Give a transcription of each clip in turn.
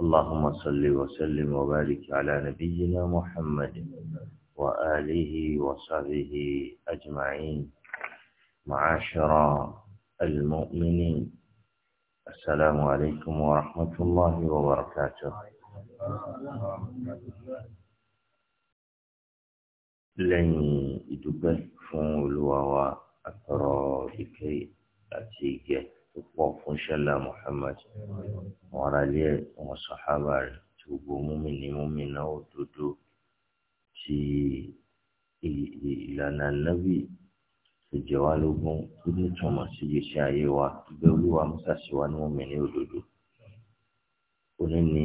اللهم صل وسلم وبارك على نبينا محمد وآله وصحبه أجمعين معاشر المؤمنين السلام عليكم ورحمة الله وبركاته لن يدبر فون الواوى أترى لكي أتيجه púpọ̀ fún ṣẹlá Muhammad àwọn aráalé àwọn sàhábà rẹ̀ tí gbogbo múmi ní múmi náà òdodo tí ìlànà nábì tó jẹ wá lógún tó nítumọ̀ sí ìgbésí ayé wa ìgbẹ́ olúwa musa sí wa ní múmi òdodo. òní ni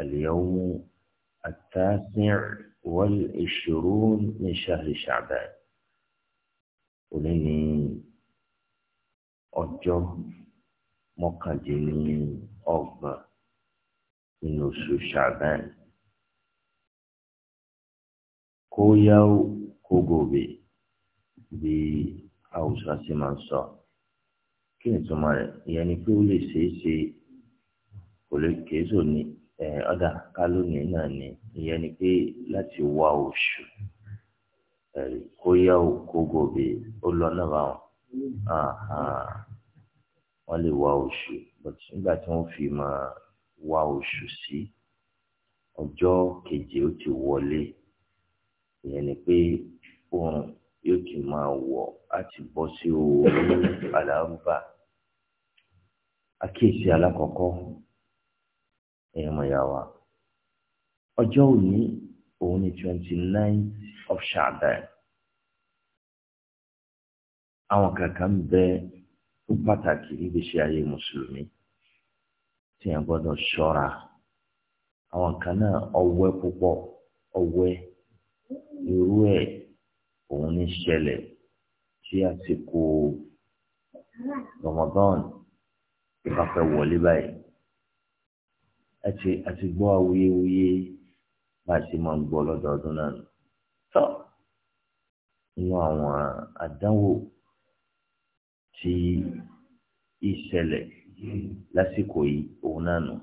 àlìyáwó àtàsír wal ìṣòro ní sàrì Ṣàbàn òní ni ọjọ́ mọ́kàndínlọ́gbọ̀n nínú oṣù ṣàbẹ́n kó yá kó gòbè bí haúsá sì máa ń sọ kí ni ìtumọ̀ rẹ̀ ìyẹn ni pé ó lè ṣeé ṣe kò lè kéésò ní ọ̀dà kálónì náà ni ìyẹn ni pé láti wá oṣù kó yá kó gòbè ó lọ náà báwọn wọ́n lè wá oṣù but nígbà tí wọ́n fi máa wá oṣù sí ọjọ́ keje ó ti wọlé ìyẹn ni pé oòrùn yóò ti máa wọ̀ láti bọ́ sí oòrùn àlárúbà àkíyèsí alákọ̀ọ́kọ́ ẹ̀yìn mọ̀yàwá ọjọ́ òní òun ni twenty nine of Sha'ban àwọn kankan bẹ ó pàtàkì níbi ṣe ayé mùsùlùmí tí yẹn gbọ́dọ̀ ṣọ́ra àwọn kan náà ọwẹ́ púpọ̀ ọwẹ́ irú ẹ̀ òun ní ṣẹlẹ̀ tí àsìkò Ramadan bá fẹ́ wọlé báyìí àti àti gbọ́ awuyewuye bá a ti máa ń gbọ́ lọ́dọọdún náà tọ́ nínú àwọn àdánwò tí ìṣẹ̀lẹ̀ lásìkò yìí òun náà nù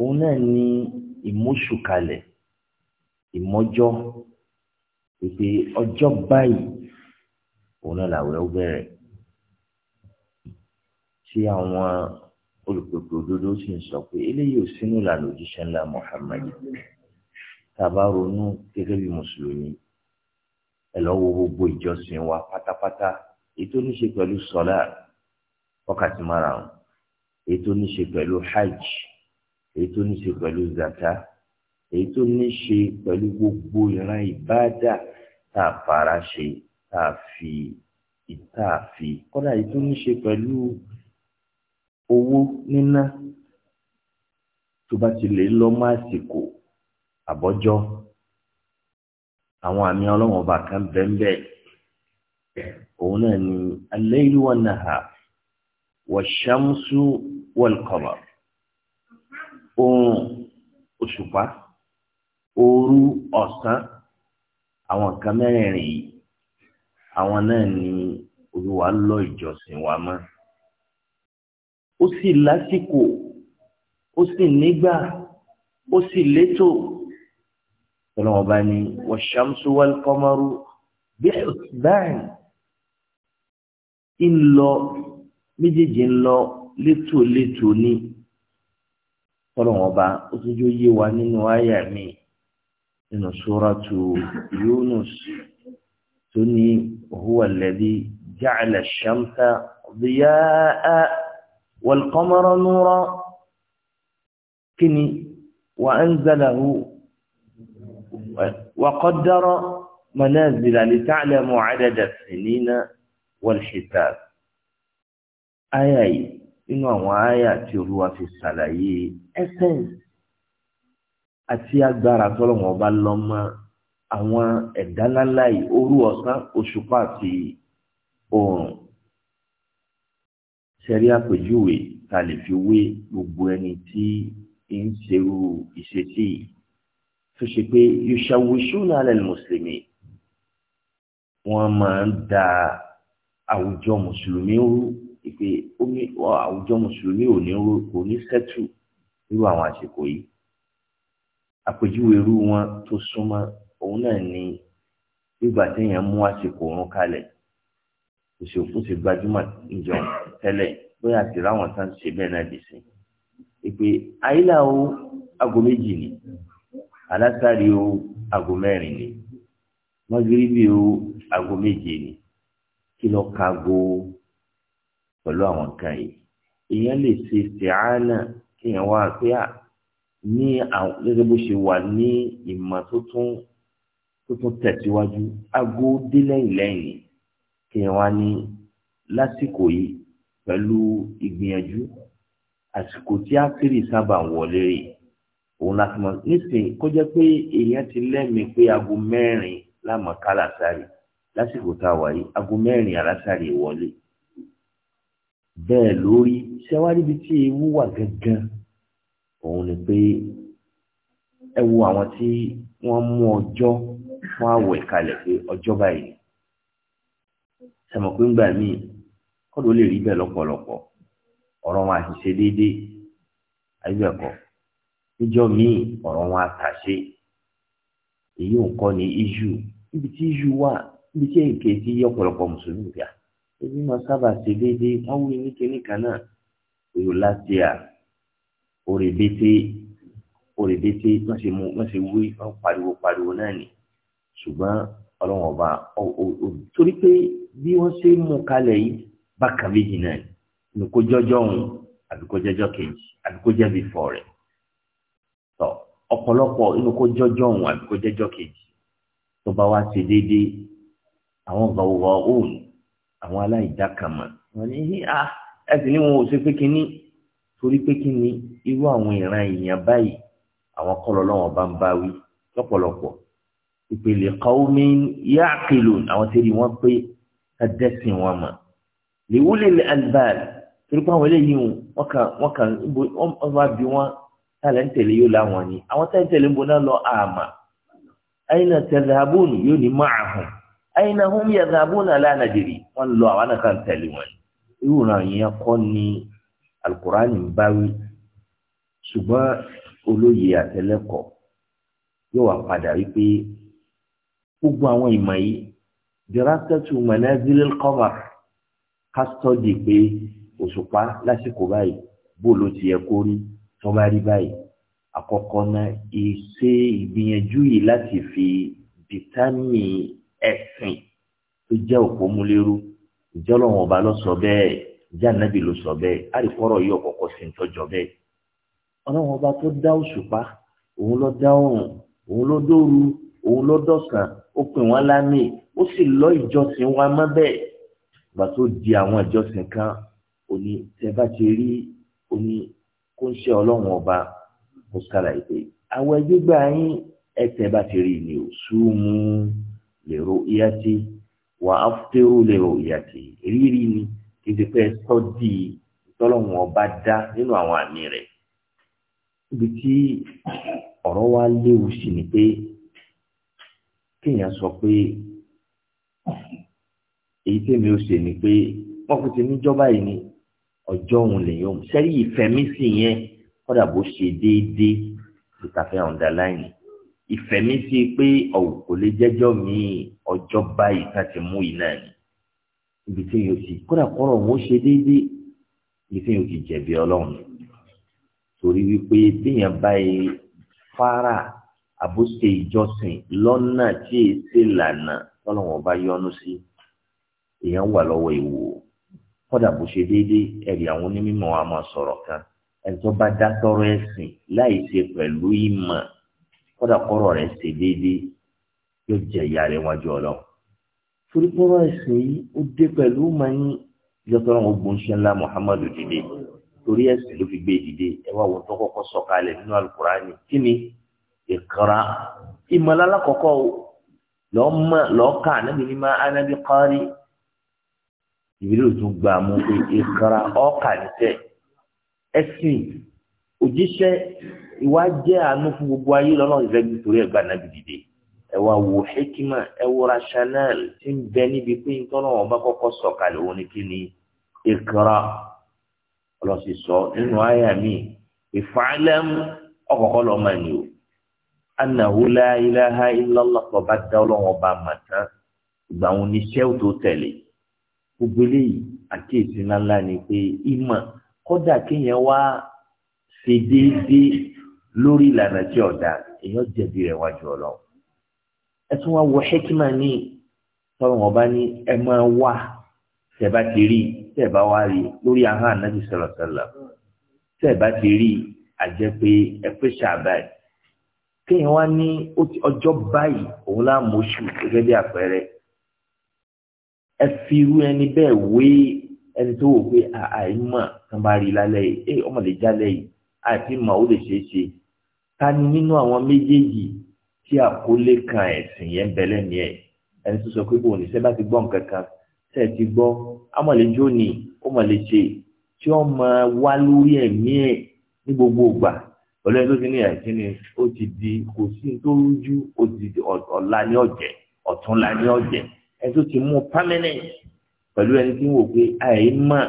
òun náà ní ìmúṣùkalẹ̀ ìmọ́jọ́ ìpè ọjọ́ báyìí òun náà làwẹ̀ ó bẹ̀rẹ̀ tí àwọn olùpèpè òdodo sì ń sọ pé eléyìí ò sínú ìlànà òjíṣẹ́ ńlá Muhammad tàbá ronú gẹ́gẹ́ bí mùsùlùmí ẹ lọ wo gbogbo ìjọsìn wa pátápátá ètò ní ṣe pẹ̀lú sọ́lá wákàtí márùn-ún ètò ní ṣe pẹ̀lú hajj ètò ní ṣe pẹ̀lú zaka ètò ní ṣe pẹ̀lú gbogbo ìran ìbáàdà tá a fara ṣe tá a fi tá a fi kódà ètò ní ṣe pẹ̀lú owó níná tó bá ti lè lọ mọ́ àsìkò àbọ́jọ́ àwọn àmì ọlọ́wọ́n ọba kan bẹ́ẹ̀ bẹ́ẹ̀ òun náà ni al-laylu wan-nahar wash-shamsu wal-qamar oòrùn òṣùpá òru ọ̀sán àwọn nǹkan mẹ́rẹ̀ẹ̀rin yìí àwọn náà ni olúwa lọ ìjọsìn wa mọ́ ó sì lásìkò ó sì nígbà ó sì létò ọlọ́wọ́n bá ní wash-shamsu wal-qamaru bi'usban ń lọ méjèèjì ń lọ létòlétò ní ọlọ́run ọba ó tún jó yé wa nínú àyà mi nínú suratu Yunus tó ní huwa alladhi ja'ala ash-shamsa diya'a wal-qamara nura kíni wa anzalahu wa qaddara manazila li ta'lamu 'adada as-sinina wal-hisaab áyà yìí nínú في áyà أساس olúwa fi ṣàlàyé essence àti agbára tọ́lọ́wọ́n ọba lọ́mọ àwọn ẹ̀dá ńláńlá yìí òru ọ̀sán òṣùpá àti oòrùn ṣẹ̀rí àpèjúwe ta lè fi wé gbogbo ẹni tí ń ṣerú ìṣesí yìí tó ṣe pé yusawusu náà lẹ́nu mùsùlùmí wọ́n máa ń da àwùjọ mùsùlùmí ó ìpè àwùjọ mùsùlùmí ò ní kò ní sẹ́tù irú àwọn àsìkò yìí àpèjúwe irú wọn tó súnmọ́ òun náà ni ìgbà téèyàn mú àsìkò òun kalẹ̀ òṣèlú ti gbajúmọ̀ níjọ tẹ́lẹ̀ bóyá àti ráwọn tán ṣe bẹ́ẹ̀ náà dì sí ìpè àyílà o aago méjì ni alásàrí o aago mẹ́rin ni mọ́gíríbì o aago méje ni kí lọ kago pẹ̀lú àwọn nǹkan yìí èèyàn lè ṣe ìṣẹ̀hánà kéèyàn wá pé à ní àwọn gẹ́gẹ́ bó ṣe wà ní ìmọ̀ tó tún tó tún tẹ̀síwájú aago dé lẹ́yìn lẹ́yìn kéèyàn wá ní lásìkò yìí pẹ̀lú ìgbìyànjú àsìkò tí ákírì sábà wọlé rè òun láti mọ nísìnyí kó jẹ́ pé èèyàn ti lẹ́mìí pé aago mẹ́rin lámọ̀ọ́kálà sáré lásìkò tá a wà yìí aago mẹ́rin alásàrè wọlé bẹ́ẹ̀ lórí ṣẹ́wárí tí ewu wà gangan òun ni pé ẹ wo àwọn tí wọ́n mú ọjọ́ fún àwẹ̀ kalẹ̀ pé ọjọ́ báyìí sẹ̀mọ̀pé ńgbà míì kọ́dọ̀ lè rí bẹ́ẹ̀ lọ́pọ̀lọpọ̀ ọ̀rọ̀ wọn àṣìṣe déédéé àyùbẹ̀kọ̀ níjọ́ míì ọ̀rọ̀ wọn àtàṣe èyí ò ń kọ́ ní iṣu níbi tí iṣu wà bí tí èké tí ọ̀pọ̀lọpọ̀ mùsùlùmí bíà ah, ebi máa sábà ṣe déédéé wọ́n wí ní kíní kan náà èrò láti à òrèbété òrèbété wọ́n ṣe mú wọ́n ṣe wí wọ́n pariwo pariwo náà nì ṣùgbọ́n ọlọ́run ọba torí pé bí wọ́n ṣe mú kalẹ̀ yìí bákan méjì náà ni kò jọjọ́ òun àbí kò jẹ́jọ́ kejì àbí kò jẹ́bi fọ́ rẹ̀ tọ́ ọ̀pọ̀lọpọ̀ inú kò jọjọ́ òun àbí kò jẹ́jọ́ kejì tó bá wá ṣe déédéé àwọn gbàwọ̀ òòlù àwọn aláìjákàmà wọn ní hí a ah, ẹ sì ní wọn ò ṣe pé kínní torí pé kínní irú àwọn ìran èèyàn báyìí àwọn kọlọ lọ́wọ́n bá ń bá wí lọ́pọ̀lọpọ̀ ìpele kọ́ọ́mí yáàkìlù àwọn tẹ̀lé wọn pé ká dẹ́sìn wọn mọ̀ lèwúlẹ̀ alibáàlì torí pé àwọn eléyìí wọn kàn wọn kàn wọn bá bí wọn tálẹ̀ ń yóò láwọn ni àwọn tálẹ̀ ń tẹ̀lé náà lọ àmà ayé náà yóò ní máa hàn aina hum yadhabuna la nadiri wọ́n lọ àwọn kan tẹ̀lé wọn irú náà yẹn kọ́ ni alukurani ń báwí ṣùgbọ́n olóye àtẹlẹ́kọ̀ọ́ yóò wá padà wípé gbogbo àwọn ìmọ̀ yìí dirakatu manazilil qamar kásítọ́dì pé òṣùpá lásìkò báyìí bó ló ti yẹ kó rí tó rí báyìí àkọ́kọ́ náà ìṣe ìgbìyànjú yìí láti fi bìtámì ẹ̀sìn tó jẹ́ òpó múlẹ́rú ìjọ lọ́wọ́n ọba lọ sọ bẹ́ẹ̀ ìjà nàbì ló sọ bẹ́ẹ̀ àríkọ́rọ̀ yìí ọ̀kọ̀ọ̀kọ̀ sì ń tọ́jọ bẹ́ẹ̀ ọlọ́wọ́n ọba tó dá òṣùpá òun ló dá oòrùn òun ló dóoru òun ló dọ̀sán ó pè wọ́n lámì ó sì lọ ìjọsìn wa mọ́ bẹ́ẹ̀ ìgbà tó di àwọn ìjọsìn kan òní tẹ bá ti rí òní kó ń ṣe ọlọ́run ọba mo ṣàlàyé pé àwọn ẹgbẹ́gbẹ́ yín ẹ̀tẹ̀ bá ti rí ni ò sú mú liruyati wà aftiru liruyati rírí ni kì í ṣe pé sọ́dí tọ́lọ́hún dá nínú àwọn àmì rẹ̀ ibi tí ọ̀rọ̀ wa léwu sí ni pé kéèyàn sọ pé èyí tèmi ó ṣe ni pé wọ́n kò ti níjọba yìí ni ọjọ́ òun lèyàn sẹ́rí ìfẹ́mísì yẹn kọ́dà bó ṣe déédéé ìtàfẹ́ ọ̀ndàláìnì ìfẹ̀mí sí pé ọ̀wọ̀ kò lè jẹ́jọ́ míì ọjọ́ báyìí ká ti mú iná ni ibi tí yóò ti kódà kọ́rọ̀ òun ó ṣe déédéé ibi tí yóò ti jẹ̀bi ọlọ́run torí wípé téèyàn báyìí fara àbóṣe ìjọsìn lọ́nà tí èsì lànà tọ́lọ́wọ́n bá yọ́nú sí èèyàn wà lọ́wọ́ ìwò kódà bó ṣe déédéé ẹ̀rí àwọn onímọ̀ wa sọ̀rọ̀ kan ẹni bá dá tọrọ ẹ̀sìn láì ṣe pẹ̀lú ìmọ̀ kódà kọ́rọ̀ rẹ̀ ṣe déédéé yóò jẹ ìyá rẹ̀ wọn jọ lọ. torí kọ́rọ̀ ẹ̀sìn yìí ó dé pẹ̀lú mọ́ni yọtọ́rọ̀ gbogbo ńṣẹ́ ńlá Muhammadu dìde torí ẹ̀sìn ló fi gbé e dìde ẹ wá wọn tó kọ́kọ́ sọ̀kalẹ̀ nínú alukurani kí ni ìkara ìmọ̀lára kọ̀kọ́ lọ́ọ̀ka anábì ní máa anábì kọ́rí ìbílẹ̀ òtún gbà mú pé ìkara ọ̀ọ́kà níṣẹ́ ẹ̀sìn òjíṣẹ́ ìwà jẹ́ àánú fún gbogbo ayé lọ́nà ìfẹ́ torí ẹ̀gbà náà dìde ẹ wá wo hekima ẹ wo rational tí ń bẹ níbi pé ntọ́nà ọba kọ́kọ́ sọ̀kalẹ̀ òun ni kí ni ìkra ọlọ́sì sọ nínú àyà mi ìfàlẹ́m ọkọ̀kọ́ lọ́ máa ní o anahu la ilaha illallah ọba dá ọlọ́wọ́n ọba màtán ìgbà wọn ni iṣẹ́ tó tẹ̀lé gbogbo eléyìí àkíyèsí ńláńlá ni pé ìmọ̀ kódà kéèyàn wá ṣe déédéé lórí ìlànà tí ọ̀dà èèyàn jẹ̀bi rẹ̀ wájú ọlọ́ ẹ tún wá wọ hekima ní tọrùn ọba ní ẹ máa wá tẹ̀bá ti rí tẹ̀bá wá rí lórí ahọ́n ànábì sọ̀rọ̀ sọ̀rọ̀ tẹ̀bá ti rí àjẹpé ẹ pé ṣàbá ẹ̀ kéèyàn wá ní ọjọ́ báyìí òun lá mọ̀ṣù gẹ́gẹ́ bí àpẹẹrẹ ẹ fi irú ẹni bẹ́ẹ̀ wé ẹni tó wò pé àìmọ̀ kan bá rí lálẹ́ yìí ẹ ọmọ lè jálẹ̀ yìí àti mọ̀ ó lè ṣeé ṣe ta ni nínú àwọn méjèèjì tí àkólé kan ẹ̀sìn yẹn bẹ̀lẹ̀ ní ẹ̀ ẹni tó sọ pé bò ní sẹ́ bá ti gbọ́ nǹkan kan sẹ́ ti gbọ́ amọ̀lẹ́jọ́ ni ó mọ̀ lè ṣe tí ó mọ̀ wá lórí ẹ̀mí ẹ̀ ní gbogbo ìgbà pẹ̀lú ẹni tó ti ní ẹ̀sìn ni ó ti di kò sí tó rújú ó ti di ọ̀la ní ọ̀jẹ̀ ọ̀túnla ní ọ̀jẹ̀ ẹni tó ti mú permanent pẹ̀lú ẹni tí ń wò pé àìmọ̀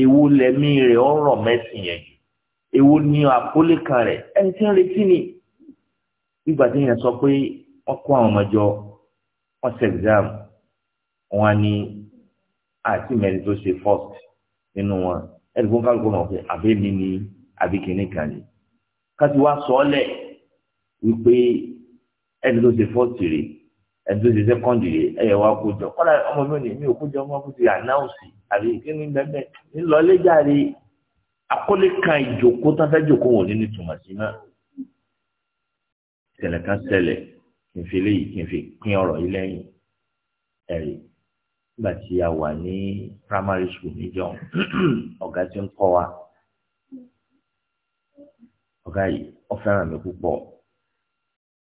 ewu lẹ́mí rẹ̀ ọ̀rọ̀ mẹ́sìn yẹn jù èwo ni àkólé kan rẹ̀ ẹni tí ń retí ni ìgbà tí yẹn sọ pé wọ́n kó àwọn ọmọ jọ wọ́n ṣe exam wọn ni àti mẹ́rin tó ṣe first nínú wọn ẹni fún kálukú náà fẹ́ àbẹ́ mi ni àbí kìíní kan ni káti wá sọ ọ́ lẹ̀ wípé ẹni tó ṣe first rèé ẹni tó ṣe second rèé ẹ̀yẹ wá kó jọ kọ́lá ọmọ mi ò ní mi ò kó jọ ọmọ kó ti announce àbí kí ni bẹ́ẹ̀ bẹ́ẹ̀ ńlọ lẹ́jà rèé akọ́lé kan ìjòkó tó fẹ́ jòkó wọ̀ nínú ìtumọ̀ sí náà ìṣẹ̀lẹ̀ kan ṣẹlẹ̀ kí n fi léyìí kí n fi pín ọ̀rọ̀ yìí lẹ́yìn ẹ̀rí nígbà tí a wà ní primary school níjọ ọ̀gá tí ń kọ́ wa ọ̀gá yìí ó fẹ́ràn mi púpọ̀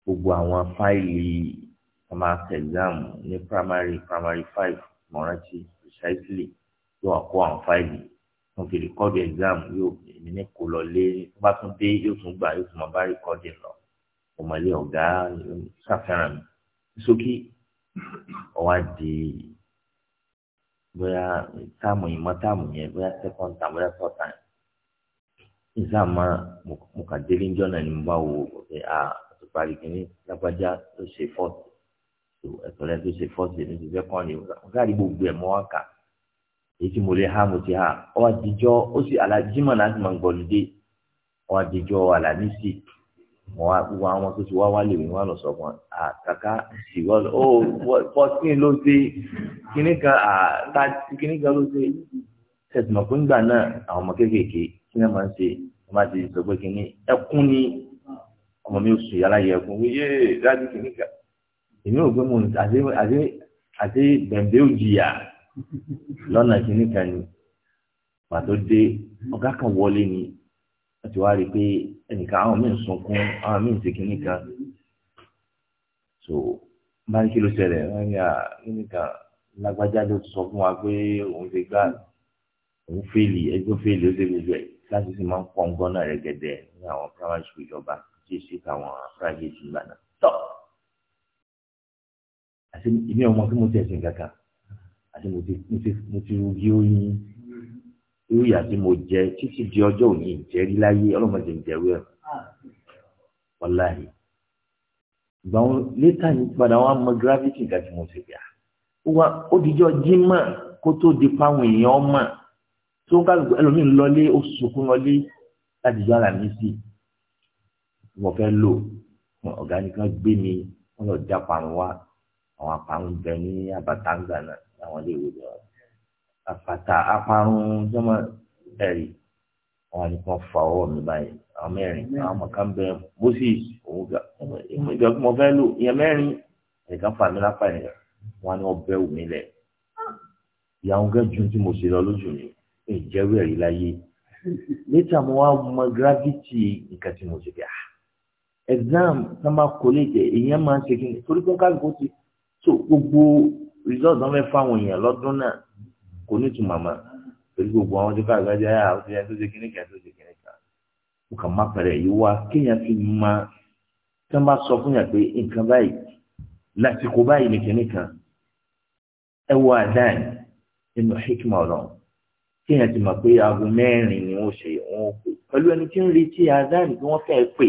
gbogbo àwọn fáìlì máa ṣe ní primary primary five mọ̀rántí precisely ló wà kó àwọn fáìlì yìí wọn fi rìkọ́dù exam yóò èmi ní kó lọ lé tó bá tún dé yóò tún gbà yóò tún mọ bá rìkọ́dù lọ ọmọlé ọ̀gá ṣàfihàn mi sókè ọwá di bóyá táàmù yìí mọ táàmù yẹn bóyá second time bóyá third time exam máa mo kà délé níjọ́ náà ni mo bá wo ọ̀gá àti parí kìíní lágbájá tó ṣe fourth ẹ̀tọ́ tó ṣe fourth ní ti second ọ̀gá àdìgbò gbé ẹ̀ mọ́ wá èyí tí mo lè ha mo ti ha ọwọ́ àdìjọ́ ó sì alájímọ̀ láti máa ń gbọ́ lùdé ọwọ́ àdìjọ́ alámísì mo wá wá wọn tó ti wá wá lè wí wọn lọ sọ fún à kàkà sì wọ́n ó oh, fourteen ló ṣe kíní kan à thirty kíní kan ló ṣe ṣètìmọ̀ fún ìgbà náà àwọn ọmọ kéékèèké kí wọ́n máa ń ṣe wọ́n máa ti sọ pé kíní ẹkún ni ọmọ mi ò sùn yàrá yẹ ẹkún yéé dájú kíní kan èmi ò gbé mo àti àti àti bẹ̀ǹdẹ̀ òjìyà lọ́nà kìíní kan ni pàtó dé ọ̀gá kan wọlé ni wọ́n ti wá rí i pé ẹnìkan àwọn míì ń sunkún àwọn míì ń ṣe kìíní kan so bá ní kí ló ṣẹlẹ̀ wọ́n yà kìíní kan lágbájá ló sọ fún wa pé òun ti gbà òun fèlì ẹgbẹ́ fèlì ó ṣe gbogbo ẹ̀ láti sì máa ń pọ̀ ń gbọ́nà rẹ̀ gẹ̀dẹ̀ ní àwọn primary school ìjọba tí ì ṣe káwọn private ìgbà náà tọ́ àti ìmí ọmọ tí mo tẹ̀sìn kankan àti mo ti mo ti rugi oyin irú ìyà tí mo jẹ títí di ọjọ́ òní ìjẹ́rí láyé ọlọ́mọdé ìjẹ́wé ẹ̀ wàláhì ìgbà wọn létà ní padà wọn á mọ gravity nǹkan tí mo ṣe bíà ó dijọ́ jímọ̀ kó tó di páwọn èèyàn mọ̀ tó ká ẹlòmíín lọlé ó sunkún lọlé láti jọ ara mi sí mo fẹ́ lò ọ̀gá nìkan gbé mi wọ́n lọ já parun wá àwọn àparun bẹ ní àbátánzà náà àtàwọn ilé ìwé jọ àpàtà aparun sọmọ ẹrí àwọn ni wọn fa ọwọ́ mi báyìí àwọn mẹ́rin àwọn ọmọ kan bẹ moses òun ga ìmọ̀ ìjọ tí mo fẹ́ lò ìyẹn mẹ́rin ẹ̀ka fà mí lápá ẹ̀ wọn ni wọn bẹ́ òmí lẹ̀ ìyàwó gẹ́jú tí mo ṣe lọ lójú mi ìjẹ́wé ẹ̀rí láyé létà mo wá mọ gravity nǹkan tí mo ṣe bí ah exam sábà kọ́lé jẹ ìyẹn máa ń ṣe kí ni torí pé kálukú ti so gbogbo Results náà fẹ́ fáwọn èèyàn lọ́dún náà kò ní ìtumọ̀ mọ́ pẹ̀lú gbogbo àwọn tó ká àgbájá yà ó ti yẹ tó ṣe kíní kan tó ṣe kíní kan ó kàn má pẹ̀rẹ̀ yìí wá kéèyàn fi mọ tí wọ́n bá sọ fún yàn pé nǹkan báyìí lásìkò báyìí ní kíní kan ẹ wọ àdáyìn nínú hikma ọlọ́run kéèyàn ti mọ̀ pé aago mẹ́rin ni wọ́n ṣe wọ́n pè pẹ̀lú ẹni tí ń retí àdáyìn tí wọ́n fẹ́ pè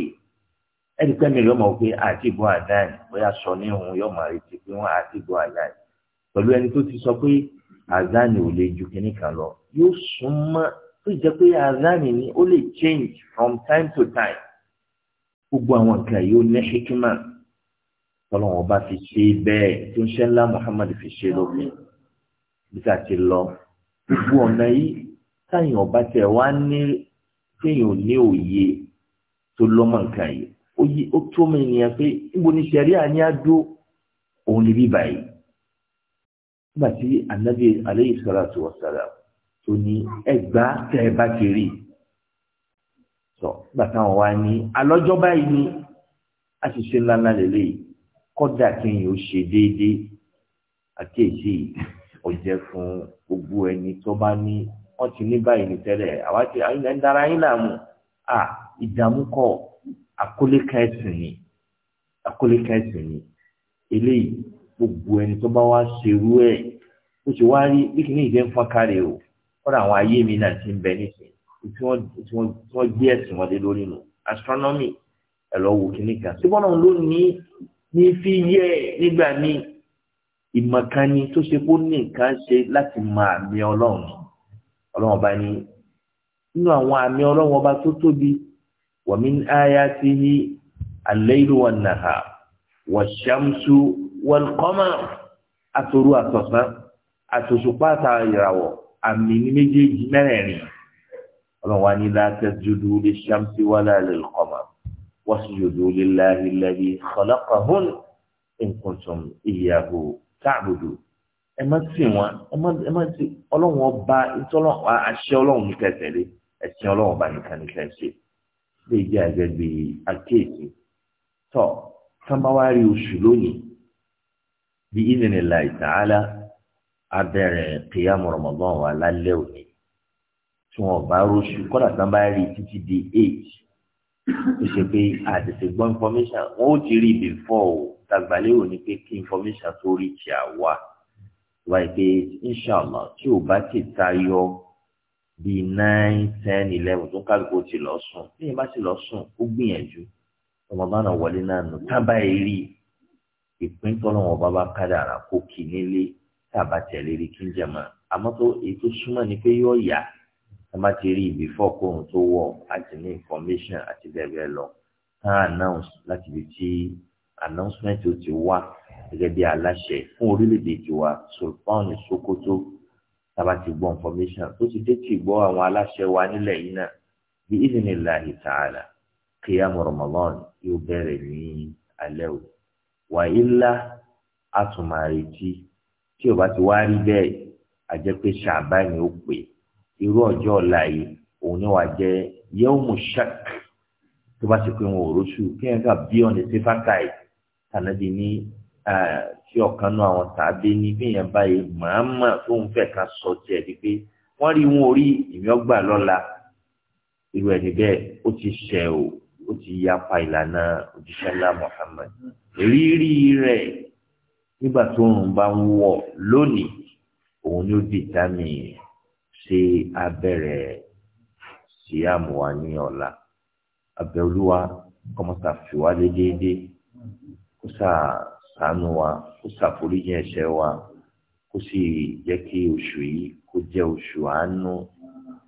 ẹni pẹ́ mi lọ́mọ pé àti ìbọn bóyá sọ ní òun yọ̀ọ́ pẹ̀lú ẹni tó ti sọ pé azani ò lè ju kínní kan lọ yóò súnmọ́ tó jẹ́ pé azani ni ó lè change from time to time gbogbo àwọn nǹkan yìí ó ní hikima tọ́lọ́wọ́n bá fi ṣe bẹ́ẹ̀ tó ń ṣe ńlá Muhammad fi ṣe lópin bí ká ti lọ gbogbo ọ̀nà yìí táyìn ọba tẹ wá ní téèyàn ní òye tó lọ́mọ nǹkan yìí ó tó mi nìyẹn pé níbo ni sẹ̀ríà ní á dó òun níbí báyìí nígbà tí anabi aleyhi salatu wa salam tó ní ẹgbà tẹ ẹ bá ti rí sọ nígbà táwọn wá ní alọ́jọ́ báyìí ní àṣìṣe ńláńlá lélẹ́yìí kọ́dà kéèyàn ó ṣe déédéé àkéèsí ọ̀jẹ̀ fún gbogbo ẹni tó bá ní wọ́n ti ní báyìí ní tẹ́lẹ̀ àwa ti ẹ̀ ń dara yín láàmú à ìdààmú kọ́ àkólé ni àkólé ni eléyìí gbogbo ẹni tó bá wá ṣerú ẹ̀ ó ṣe wá rí bí kìíní ìdẹ́ ń fọ́n kárẹ̀ o kọ́dà àwọn ayé mi náà ti ń bẹ nísìn tí wọ́n gbé ẹ̀sìn wọn dé lórí nù astronomy ẹ̀ lọ́ wo kìíní kan síbọ́n náà ló ní ní fi yẹ nígbà míì ìmọ̀kánni tó ṣe kó ní nǹkan ṣe láti mọ àmì ọlọ́run ọlọ́run bá ní nínú àwọn àmì ọlọ́run ọba tó tóbi wa min ayatihi al-laylu wan-nahar wash-shamsu wọlkọmọ àtòru àtọ̀sán àtòṣùpá àtàràwọ̀ àmì ní méjèèjì mẹ́rẹ̀ẹ̀rin Ọlọ́run wa ní láti jùdú lè ṣàmùsí wàlá lẹlkọmọ wọ́n sì jùdú lè láàyè lẹ́yìn kọlọ́kọ̀hún nǹkan ìyàwó káàbùdù ẹ má sì wọn ẹ má sì Ọlọ́run ọba ìtọ́lọ́ àṣẹ Ọlọ́run ní kẹsẹ̀lé ẹ̀sìn Ọlọ́run ọba nìkan ní kẹsẹ̀ lè jẹ́ àgbẹ̀gbẹ̀ àkéèké tọ́ sábà oṣù lónìí bí iznillahi ta'ala abẹ́rẹ́ kíyàmù Ramadan wà lálẹ́ òní tí wọn bá róṣù kọ́dà tán bá rí títí di eight ó ṣe pé àtẹ̀tẹ̀ gbọ́ information wọn ó ti rí before o tàgbàlérò ni pé kí information tó rí ti àwa wáyé pé inshallah tí ò bá ti tayọ bíi nine ten eleven tó kálukú ti lọ sùn bí yẹn bá ti lọ sùn ó gbìyànjú ọmọ náà wọlé náà nù tábà èrí ìpín tọ́lọ́wọ́n bá bá kádàrà kó kì í nílé tá a bá tẹ̀lé rí kí n jẹ mọ́ àmọ́ tó èyí tó súnmọ́ ni pé yóò yá tá a bá ti rí ibi fọ́ kóhun tó wọ̀ àti ní information àti bẹ́ẹ̀ bẹ́ẹ̀ lọ tá a announce láti ibi tí announcement ó ti wá gẹ́gẹ́ bí aláṣẹ fún orílẹ̀-èdè tiwa sultan Sokoto tá ti gbọ́ information tó ti dé ti gbọ́ àwọn aláṣẹ wa nílẹ̀ yìí náà bí ìdílé láàyè tààlà kíyàmù Ramadan yóò bẹ̀rẹ̀ ní alẹ́ òní wàhálà àtùmàrètí tí ò bá ti wá rí bẹ́ẹ̀ àjẹ́ pé ṣàbá ni ó pè irú ọjọ́ ọ̀la yìí òun ni wà jẹ́ yẹ́wùmù ṣak tó bá ti pé wọn ò róṣù kí ẹ̀ bí ọ̀nà ṣe fákàì tànàbí ní tí ọ̀kan náà àwọn tàbí ní bí yẹn báyìí màámà tó ń fẹ́ ká sọ tiẹ̀ di pé wọ́n rí wọn orí ìmí ọgbà lọ́la irú ẹni bẹ́ẹ̀ ó ti ṣẹ̀ o ó ti yapa ìlànà òjíṣẹ́ ńlá Muhammad rírí rẹ̀ nígbà tó ń bá ń wọ̀ lónìí òun ló dìtámì ṣe abẹ́rẹ́ síyàmù wa ní ọ̀la abẹ́ olúwa kọ́mọ́tà fìwálé déédéé kó sáà ṣàánú wa kó ṣàforíjì ẹ̀ṣẹ̀ wa kó sì jẹ́ kí oṣù yìí kó jẹ́ oṣù àánú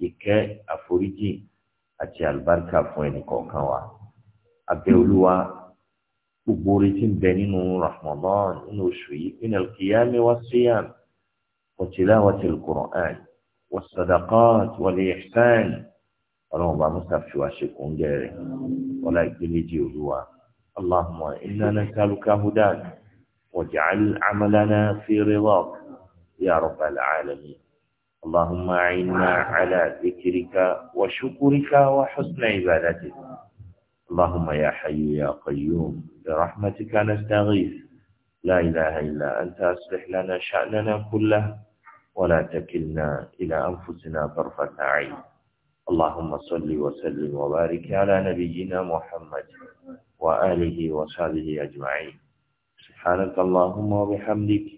ìkẹ́ àforíjì àti àlùbáríkà fún ẹnì kọ̀ọ̀kan wa abẹ́ olúwa gbogbo orí tí ń bẹ nínú Ramadan nínú oṣù yìí nínú alkiyami wa siyam wa tilawati alquran wa sadaqat wal ihsan ọlọ́run bá musa fi wá ṣe kún gẹ̀rẹ́ ọlá ìgbéléjì olúwa allahumma inna nasaluka hudan waj'al amalana fi ridak ya rabbal alamin. اللهم أعنا على ذكرك وشكرك وحسن عبادتك اللهم يا حي يا قيوم برحمتك نستغيث لا إله إلا أنت أصلح لنا شأننا كله ولا تكلنا إلى أنفسنا طرفة عين اللهم صل وسلم وبارك على نبينا محمد وآله وصحبه أجمعين سبحانك اللهم وبحمدك